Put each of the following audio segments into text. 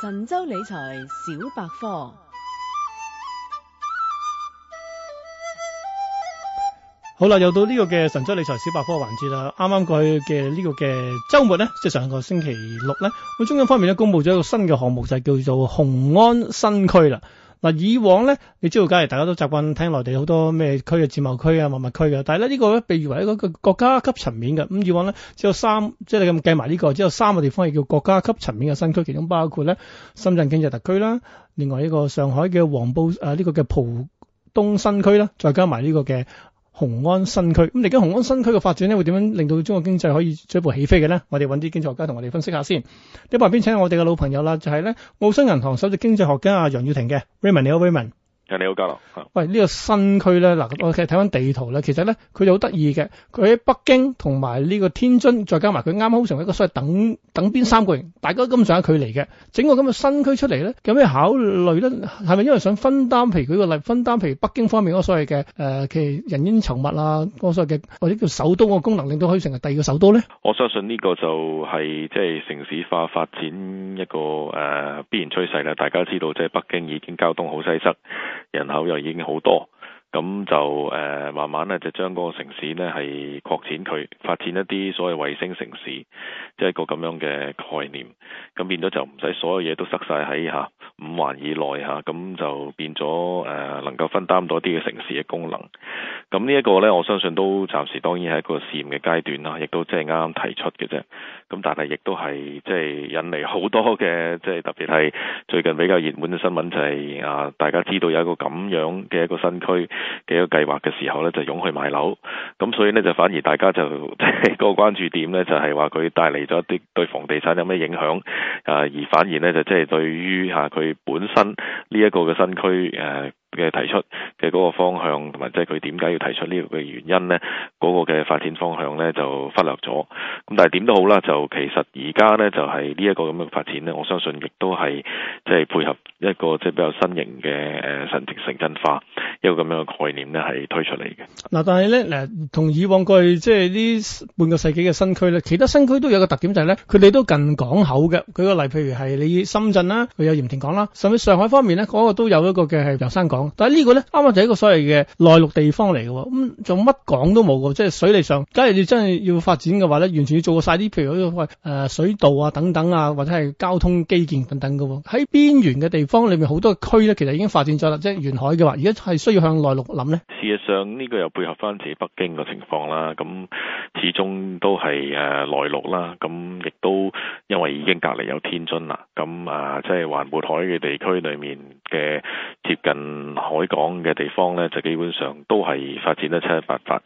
神州理財小百科。好啦，又到呢個嘅神州理財小百科嘅環節啦。啱啱過去嘅呢個嘅周末呢，即係上個星期六呢，咁中央方面呢公布咗一個新嘅項目，就係、叫做雄安新區啦。嗱、啊，以往呢，你知道梗係大家都習慣聽內地好多咩區嘅、自貿區啊、乜乜區嘅，但係呢呢、這個呢被譽為一個國家級層面嘅咁、嗯、以往呢，只有三，即係你咁計埋呢個只有三個地方係叫國家級層面嘅新區，其中包括呢深圳經濟特區啦，另外呢個上海嘅黃埔誒呢、啊這個嘅浦東新區啦，再加埋呢個嘅。紅安新區。咁而家紅安新區嘅發展咧，會點樣令到中國經濟可以進一步起飛嘅咧？我哋揾啲經濟學家同我哋分析下先。呢邊請我哋嘅老朋友啦，就係、是、咧澳新銀行首席經濟學家阿楊宇霆嘅。Raymond 你好，Raymond。Ray 你好，嘉樂。喂，呢個新區咧，嗱，我其實睇翻地圖咧，其實咧佢就好得意嘅。佢喺北京同埋呢個天津，再加埋佢啱啱好成為一個所謂等等邊三角形，大家都咁上下距離嘅，整個咁嘅新區出嚟咧，有咩考慮咧？係咪因為想分擔？譬如佢個例，分擔譬如北京方面嗰個所謂嘅誒、呃，其人煙稠密啊，嗰個所謂嘅或者叫首都個功能，令到可以成為第二個首都咧？我相信呢個就係即係城市化發展一個誒、呃、必然趨勢啦。大家都知道即係、就是、北京已經交通好擠塞。人口又已經好多，咁就誒、呃、慢慢咧就將嗰個城市咧係擴展佢，發展一啲所謂衛星城市，即、就、係、係、一個咁樣嘅概念，咁變咗就唔使所有嘢都塞晒喺嚇，啊五環以內嚇，咁就變咗誒、呃、能夠分擔多啲嘅城市嘅功能。咁呢一個呢，我相信都暫時當然係一個試驗嘅階段啦，亦都即係啱啱提出嘅啫。咁但係亦都係即係引嚟好多嘅，即係特別係最近比較熱門嘅新聞就係啊，大家知道有一個咁樣嘅一個新區嘅一個計劃嘅時候呢，就湧去買樓。咁所以呢，就反而大家就即係個關注點呢，就係話佢帶嚟咗一啲對房地產有咩影響啊？而反而呢，就即係對於嚇佢。啊本身呢一個嘅新區誒，呃嘅提出嘅嗰個方向，同埋即係佢點解要提出呢個嘅原因咧？嗰個嘅發展方向咧，就忽略咗。咁但係點都好啦，就其實而家咧，就係呢一個咁嘅發展咧，我相信亦都係即係配合一個即係比較新型嘅誒新城鎮化一個咁樣嘅概念咧，係推出嚟嘅。嗱，但係咧，誒同以往過去即係呢半個世紀嘅新區咧，其他新區都有個特點就係咧，佢哋都近港口嘅。舉個例，譬如係你深圳啦，佢有鹽田港啦，甚至上海方面咧，嗰個都有一個嘅係洋山港。但係呢個咧，啱啱就一個所謂嘅內陸地方嚟嘅，咁做乜講都冇嘅，即係水利上，梗係你真係要發展嘅話咧，完全要做晒啲，譬如嗰個誒水道啊等等啊，或者係交通基建等等嘅。喺邊緣嘅地方裏面，好多區咧，其實已經發展咗啦，即係沿海嘅話，而家係需要向內陸諗咧。事實上，呢個又配合翻自己北京嘅情況啦。咁始終都係誒內陸啦。咁亦都因為已經隔籬有天津啦。咁啊，即係環渤海嘅地區裏面。嘅接近海港嘅地方咧，就基本上都係發展得七七八八。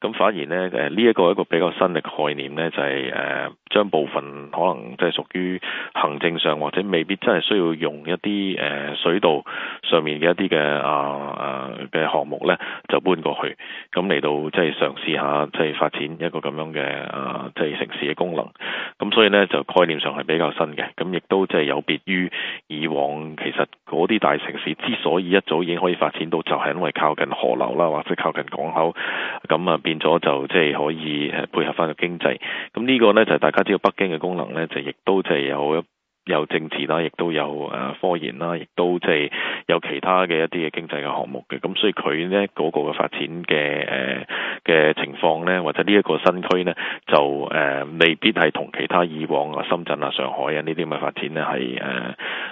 咁反而咧，誒呢一個一個比較新嘅概念咧，就係、是、誒將部分可能即係屬於行政上或者未必真係需要用一啲誒水道上面嘅一啲嘅啊啊嘅項目咧，就搬過去，咁嚟到即係嘗試下即係發展一個咁樣嘅啊即係、就是、城市嘅功能。咁所以咧就概念上係比較新嘅，咁亦都即係有別於以往其實啲大大城市之所以一早已經可以發展到，就係因為靠近河流啦，或者靠近港口，咁啊變咗就即係可以誒配合返個經濟。咁呢個呢，就係大家知道北京嘅功能呢，就亦都即係有有政治啦，亦都有誒科研啦，亦都即係有其他嘅一啲嘅經濟嘅項目嘅。咁所以佢呢嗰個嘅發展嘅誒嘅情況呢，或者呢一個新區呢，就誒、呃、未必係同其他以往啊深圳啊、上海啊呢啲咁嘅發展呢係誒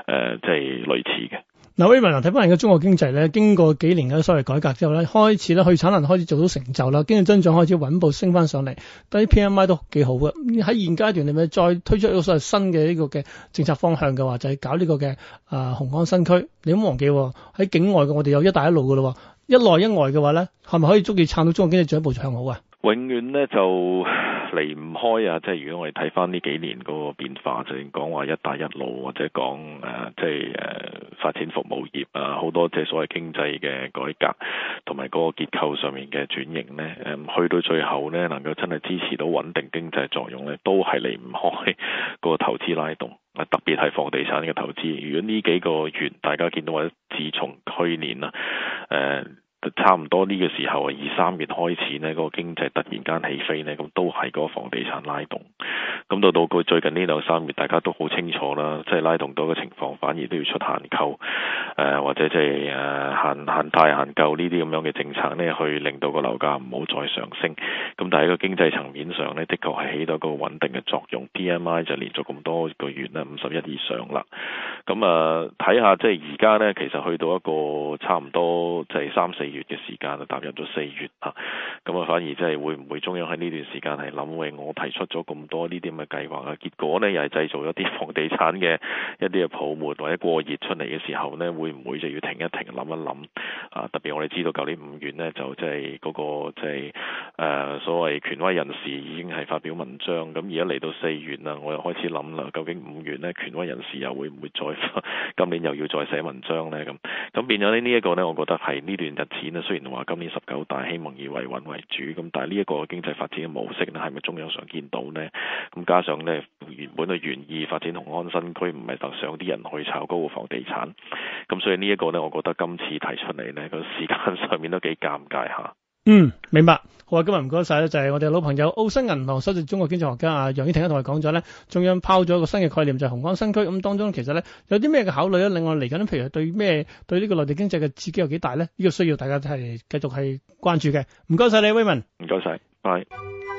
誒即係類似嘅。嗱，阿文啊，睇翻而家中國經濟咧，經過幾年嘅所謂改革之後咧，開始咧去產能開始做到成就啦，經濟增長開始穩步升翻上嚟，啲 PMI 都幾好嘅。喺現階段，你咪再推出一個所謂新嘅呢個嘅政策方向嘅話，就係、是、搞呢個嘅啊雄安新區。你唔好忘記喎、哦，喺境外嘅我哋有一帶一路嘅咯，一內一外嘅話咧，係咪可以足以撐到中國經濟進一步向好啊？永遠咧就。離唔開啊！即係如果我哋睇翻呢幾年嗰個變化，就算講話一帶一路或者講誒、呃，即係誒、呃、發展服務業啊，好多即係所謂經濟嘅改革同埋嗰個結構上面嘅轉型呢，誒、呃、去到最後呢，能夠真係支持到穩定經濟作用呢，都係離唔開嗰個投資拉動啊！特別係房地產嘅投資。如果呢幾個月大家見到，或者自從去年啦，呃差唔多呢個時候啊，二三月開始呢，嗰、嗰個經濟突然間起飛呢，咁都係嗰個房地產拉動。咁到到最近呢兩三月，大家都好清楚啦，即係拉動多嘅情況，反而都要出限購，誒、呃、或者即係誒限限貸限購呢啲咁樣嘅政策呢，去令到個樓價唔好再上升。咁但係喺個經濟層面上呢，的確係起到一個穩定嘅作用。PMI 就連續咁多個月呢，五十一以上啦。咁啊，睇、呃、下即係而家呢，其實去到一個差唔多即係三四。月嘅時間就踏入咗四月啊，咁啊反而即係會唔會中央喺呢段時間係諗，喂，我提出咗咁多呢啲咁嘅計劃啊，結果呢，又係製造一啲房地產嘅一啲嘅泡沫或者過熱出嚟嘅時候呢，會唔會就要停一停，諗一諗啊？特別我哋知道舊年五月呢，就即係嗰個即係誒所謂權威人士已經係發表文章，咁而家嚟到四月啦，我又開始諗啦，究竟五月呢權威人士又會唔會再發今年又要再寫文章呢？咁咁變咗呢呢一個呢，我覺得係呢段日子。然雖然話今年十九大希望以維穩為主，咁但係呢一個經濟發展嘅模式咧，係咪中央常見到呢？咁加上咧原本係原意發展雄安新區，唔係特想啲人去炒高個房地產，咁所以呢一個呢，我覺得今次提出嚟呢個時間上面都幾尷尬下。嗯，明白。好啊，今日唔該晒咧，就係、是、我哋老朋友澳新銀行首席中國經濟學家啊楊宇霆。同我講咗咧，中央拋咗一個新嘅概念就係、是、雄安新區。咁當中其實咧有啲咩嘅考慮咧？另外嚟緊譬如對咩？對呢個內地經濟嘅刺激有幾大咧？呢、這個需要大家係繼續係關注嘅。唔該晒你，威文。唔該晒，拜拜。